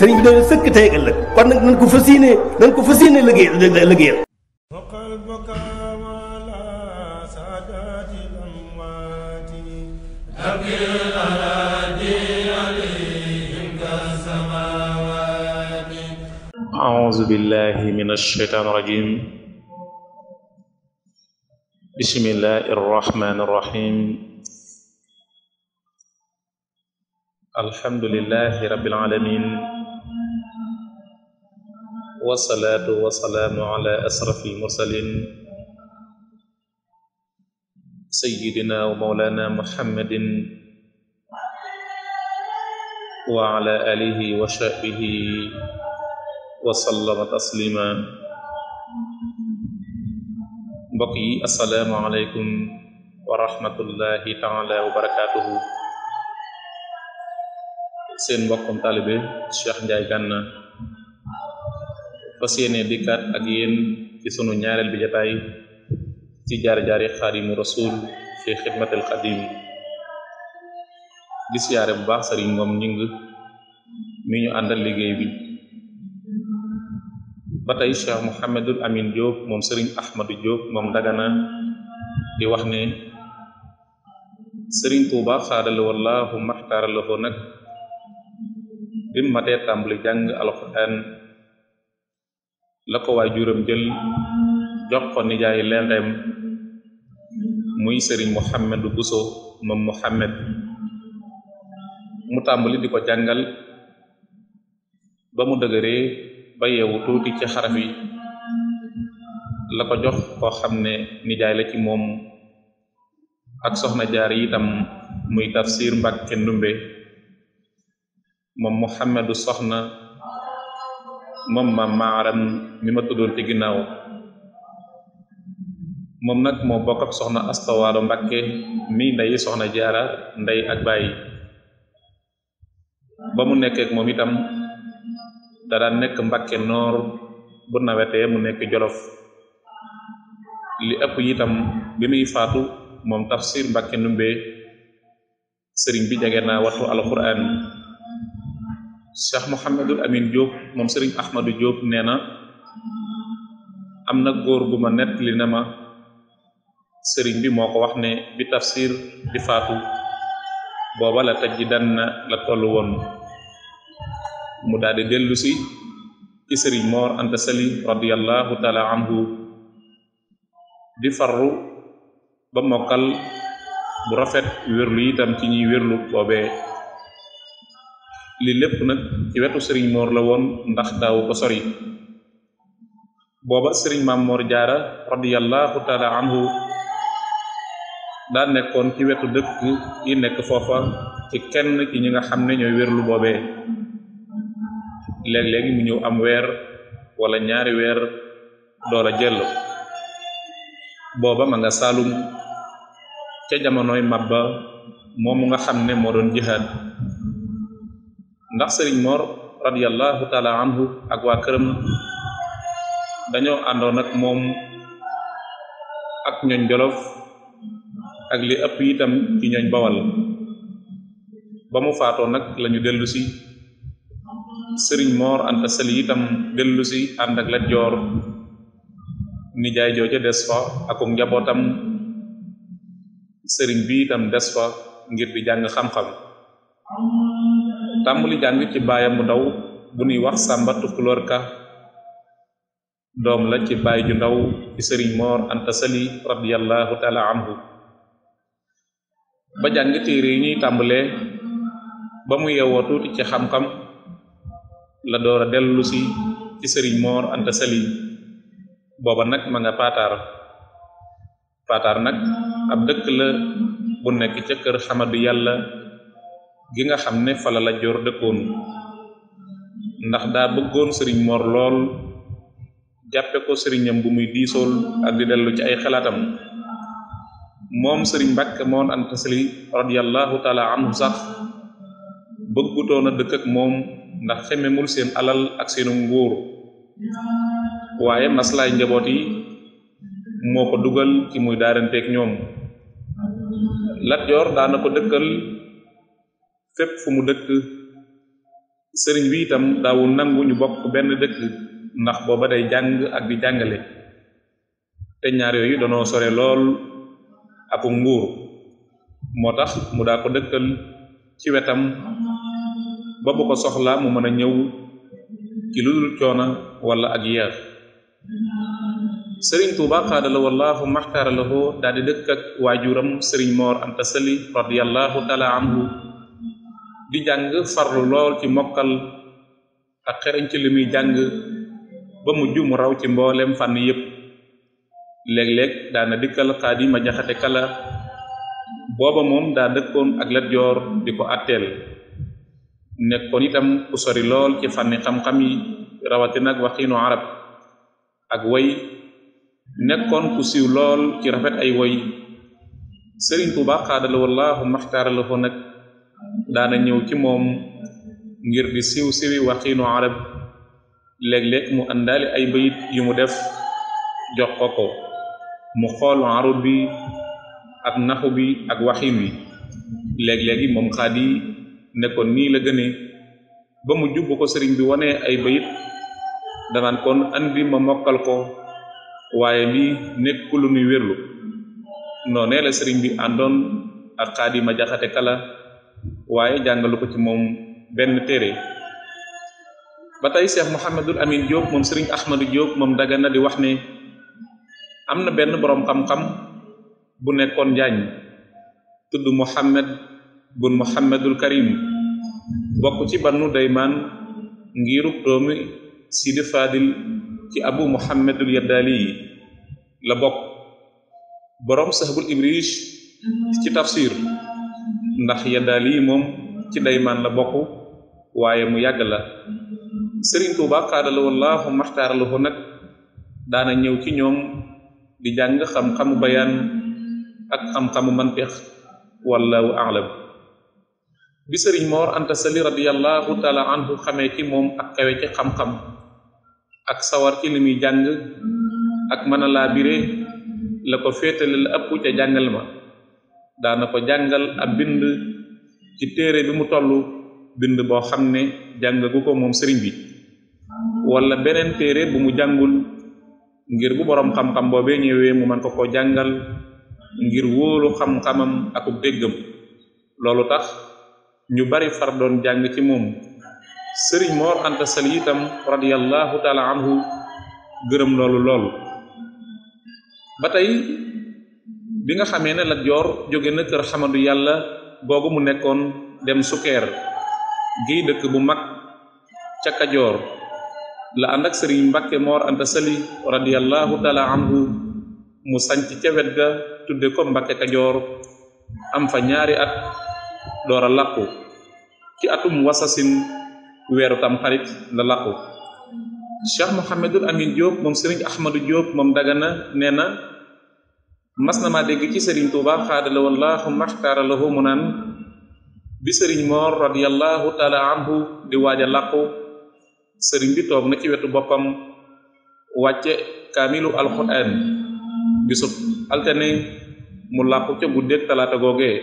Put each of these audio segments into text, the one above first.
sëriñ bi dana sëkk tey ëllëg kon nag nañ ko fas yéene nañ ko fas yéene liggéey liggéeyal أعوذ بالله من الشيطان الرجيم بسم الله الرحمن الرحيم الحمد لله رب العالمين wasalaatu wasalaamu ala asraf almursalin sayidina wa maulana muhammadin wa ala alihi wa sahbihi wa sallama taslima mbokk yi assalaamu aleykum wa rahmatullahi taala wa barakatuhu seen mbokkum taalibe Cheikh Ndiaye Gana fas yéene dikkaat ak yéen ci sunu ñaareel bi jataay ci jaar-jaari xaadimu rasul fi xidmatil xadim di siyaare bu baax sëriñ moom ñing mi ñu àndal liggéey bi ba tey Cheikh Mouhamadul Amin Diop moom sëriñ Ahmadu Diop moom dagana di wax ne sëriñ Tuuba xaadala wallahu maxtaarala ko nag bi mu matee tàmbali jàng alxuraan la ko waay juram jël jox ko nijaay lenreem muy sëriñ Mouhamed Bousso moom Mouhamed mu tàmbali di ko jàngal ba mu dëgëree ba yeewu tuuti ci xaraf yi la ko jox koo xam ne nijaay la ci moom ak soxna jaar yi itam muy tafsir Mbàkke Ndumbe moom Mouhamedu soxna moom maam maaram mi ma tuddoon ci ginnaaw moom nag moo bokk ak soxna astawaalo mbakke mi ndeyi soxna jaara ndey ak bàyyi ba mu nekkee moom itam dara nekk mbakke noor bu nawetee mu nekk jolof li ëpp itam bi muy faatu moom tafsir mbakke numbe sëriñ bi jege naa wattu alquran Cheikh Mouhamadul Amin Diop moom Serigne Ahmadou Diop nee na am na góor gu ma nettali na ma sëriñ bi moo ko wax ne bi tafsir di faatu booba la taj na la toll woon mu daal di dellu si ci Serigne Mor Anta Sali radiyallahu anhu di farru ba mokkal bu rafet wérlu itam ci ñuy wérlu boobee. lii lépp nag ci wetu sëriñ moor la woon ndax daawu booba sëriñ maam moor jaara radiyallahu taala anhu daa nekkoon ci wetu dëkk yi nekk foofa ci kenn ci ñi nga xam ne ñooy wérlu boobee léeg-léeg mu ñëw am weer wala ñaari weer doola a jël booba ma nga saalum ca jamonoy mabba moomu nga xam ne moo doon jihaad ndax Serigne Mor radiyallahu taala anhu ak waa dañoo àndoon ak moom ak ñooñ jolof ak li ëpp itam ci ñooñ bawal ba mu faatoo nag lañu dellusi sëriñ moor Mor Anta Sali itam dellu si ànd la Lat Joor nijaay jooja des fa akum njabootam sëriñ bi itam des fa ngir di jàng xam-xam tàmbali jàng ci baayam mu ndaw bu ñuy wax sàmba tukkuloor ka doom la ci baay ju ndaw ci sëriñ moor anta sali radiallahu taala anhu ba jàng téere yi ñuy tàmbalee ba mu yeewoo tuuti ci xam-xam la doora dellusi ci sëriñ moor anta sali booba nag ma nga paataar paataar nag ab dëkk la bu nekk ca kër xamadu yàlla gi nga xam ne fala la joor dëkkoon ndax daa bëggoon sëriñ moor lool jàppe ko sëriñam bu muy diisool ak di lu ci ay xalaatam moom sëriñ Mbàkke moon Anta Sali radiyallahu taala anhu sax bëggutoon a dëkk moom ndax xememul seen alal ak seenu nguur waaye maslaay njaboot yi moo ko dugal ci muy daaranteeg ñoom Lat Joor daana ko dëkkal fépp fu mu dëkk sëriñ bi itam daawu nangu ñu bokk benn dëkk ndax booba day jàng ak di jàngale te ñaar yooyu danoo sore lool ak nguur moo tax mu daa ko dëkkal ci wetam ba bu ko mu mën a ñëw ci lu dul coona wala ak yeex sëriñ Tuuba xaadala wallaahu maxtaarala ko daal di dëkk ak waajuram sëriñ Moor Anta Sali radiyallahu taala anhu di jàng farlu lool ci mokkal ak xereñ ci li muy jàng ba mujj mu raw ci mboolem fànn yépp léeg-léeg daana dikkal xaadima jaxate kala booba moom daa dëkkoon ak Lat Joor di ko àtteel nekkoon itam ku sori lool ci fànni xam-xam yi rawatinag ak waxiinu arab ak woy nekkoon ku siiw lool ci rafet ay woy Sëriñ Tuubaa xaadala wallaahu maxtaarala ko nag daana ñëw ci moom ngir di siw siwi waxiinu arab léeg mu àndaale ay bayit yu mu def jox ko ko mu xool arab bi ak naxu bi ak waxiin wi léeg-léegi moom xaadi ne ko nii la gëne ba mu jubb ko sëriñ bi wane ay bayit danaan kon andi ma mokkal ko waaye bi nekk lu nuy wérlu noonee la sëriñ bi àndoon ak xaadi ma jaxate kala waaye jàngalu ko ci moom benn téere ba tey Cheikh Mouhamadul Amin Diop moom Serigne Ahmadou Diop moom Dagana di wax ne am na benn boroom xam-xam bu nekkoon njaañ tudd Mouhamed bun Mouhamedul Karim bokk ci bannu daymaan ngirub doomi Sidi Fadil ci abu Mouhamedul Yaddaali yi la bokk boroom Sahbul Ibrish ci tafsir ndax yeddaa lii moom ci daymaan la bokk waaye mu yàgg la Sëriñ Tuuba xaadala wallaahu maxtaaralahu nag daana ñëw ci ñoom di jàng xam-xamu bayaan ak xam-xamu mantiq wallaahu aalam bi sëriñ Moor Anta Sali radiyallahu taala anhu xamee ci moom ak kawe ci xam-xam ak sawar ci li jàng ak mën laa bire la ko féetale la ëpp ca jàngal ma daana ko jàngal ab bind ci téere bi mu toll bind boo xam ne jàng ko moom sëriñ bi wala beneen téere bu mu jàngul ngir bu boroom xam-xam boobee ñëwee mu mën ko ko jàngal ngir wóolu xam-xamam akub déggam loolu tax ñu bari far doon jàng ci moom sëriñ Moor Anta Sali itam radiyallahu taala anhu gërëm loolu lool ba tey bi nga xamee ne Lat Joor jóge na kër xamandu yàlla googu mu nekkoon dem sukkeer gi dëkk bu mag ca Kajoor la ànd ak sëriñ Mbàkke Moor Anta Sali radiallahu taala anhu mu sanc ca wet ga tudde ko Mbàkke Kajoor am fa ñaari at door a làqu ci atum wasasin weeru tam xarit la làqu Cheikh Mouhamadul Amin Diop moom sëriñ Ahmadou Diop moom dagana nee na mas na maa dégg ci sëriñ Tuuba xaadala wallaahu maxtaara lahu mu naan bi sëriñ Moor radiyallahu taala anhu di waaj a làqu sëriñ bi toog na ci wetu boppam wàcce kaamilu alxuraan bisub altane mu làqu ca guddeeg talaata googee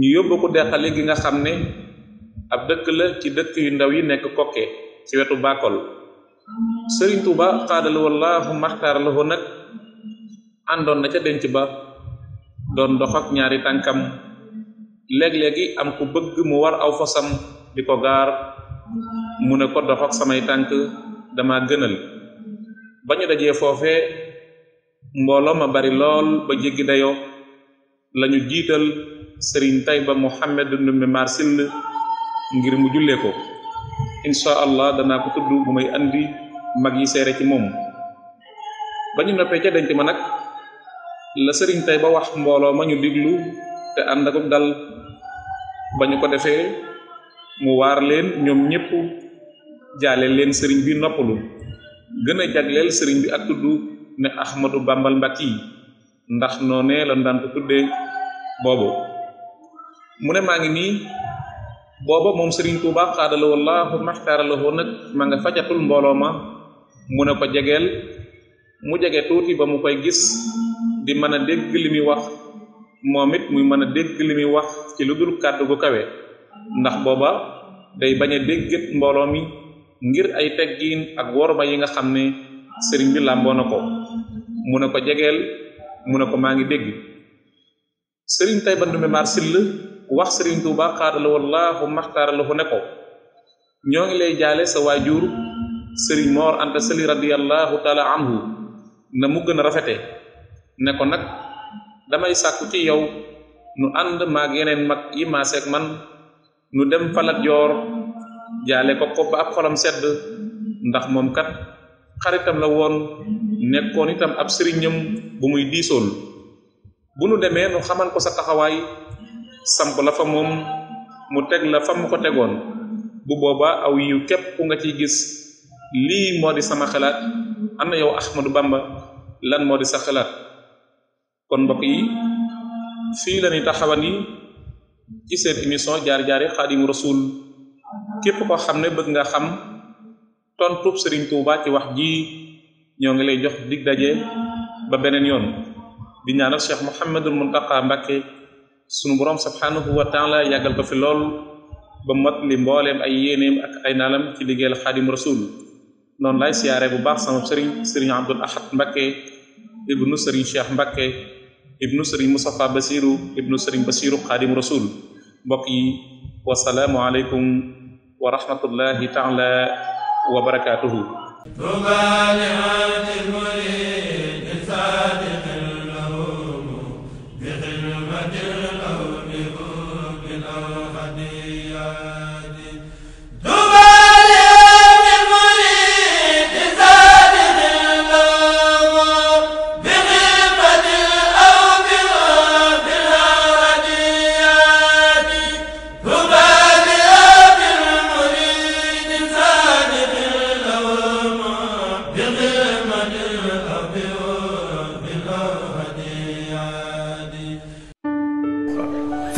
ñu yóbbu ko deqale gi nga xam ne ab dëkk la ci dëkk yu ndaw yi nekk kokke ci wetu Bàkkol sëriñ Tuuba xaadala wallaahu maxtaara lahu nag àndoon na ca denc ba doon dox ak ñaari tànkam léeg-léegi am ku bëgg mu war aw fasam di ko gaar mu ne ko dox ak samay tànk dama gënal ba ñu dajee foofe mbooloo ma bari lool ba jéggi dayo lañu jiital sëriñ Tayba Mohammed Ndumbe Marsil ngir mu jullee ko insha allah danaa ko tudd bu may andi mag yi seere ci moom ba ñu noppee ca denc ma nag la sëriñ tey ba wax mbooloo ma ñu diglu te ànd dal ba ñu ko defee mu waar leen ñoom ñëpp jaale leen sëriñ bi noppalu gën a jagleel sëriñ bi ak tudd ne Ahmadu Bàmbal Mbàkke yi ndax noonee la daan ko tuddee boobu mu ne maa ngi nii booba moom sëriñ baax xaadala wallaahu maxtaarala woo nag ma nga fajatul mbooloo ma mu ne ko jegeel mu jege tuuti ba mu koy gis di mën a dégg li muy wax moom it muy mën a dégg li muy wax ci lu dul kàddu gu kawe ndax booba day bañ a déggat mbooloo mi ngir ay teggiin ak wor worma yi nga xam ne sëriñ bi làmboo ko mu ne ko jegeel mu ne ko maa ngi dégg sëriñ Tayba Ndume Maar wax sëriñ Tuubaa xaadala wallaahu maxtaarala fu ne ko ñoo ngi lay jaale sa waajur sëriñ Moor Anta Sali radiyallahu taala anhu na mu gën a rafete ne ko nag damay sàkku ci yow nu ànd maag yeneen mag yi seet man nu dem falat joor jaale ko ko ba ab sedd ndax moom kat xaritam la woon nekkoon itam ab sëriñam bu muy diisool bu nu demee nu xamal ko sa taxawaay samp la fa moom mu teg la fa mu ko tegoon bu boobaa aw yiw képp nga ciy gis lii moo di sama am na yow Ahmadu Bamba lan moo di sa xalaat kon mbokk yi fii la ñuy taxawani ci seen émission jaar-jaari xaadimu rasul képp ko xam ne bëgg nga xam tontub Serigne Touba ci wax ji ñoo ngi lay jox dig daje ba beneen yoon di ñaanal Cheikh Mouhamadul Muntaqa Mbàkke sunu borom subhanahu wa taala yàggal ko fi lool ba mat li mbooleem ay yéeneem ak ay naalam ci liggéeyal xaadimu rasul noonu lay siyaare bu baax sama sëriñ sëriñ Abdul Ahad Mbàkke ibnu sëriñ Cheikh Mbàkke ibnu sëriñ Moustapha Basiru ibnu sëriñ Basiru xaadim rasul mbokk yi wasalaamu aleykum wa rahmatullahi taala wa barakaatuhu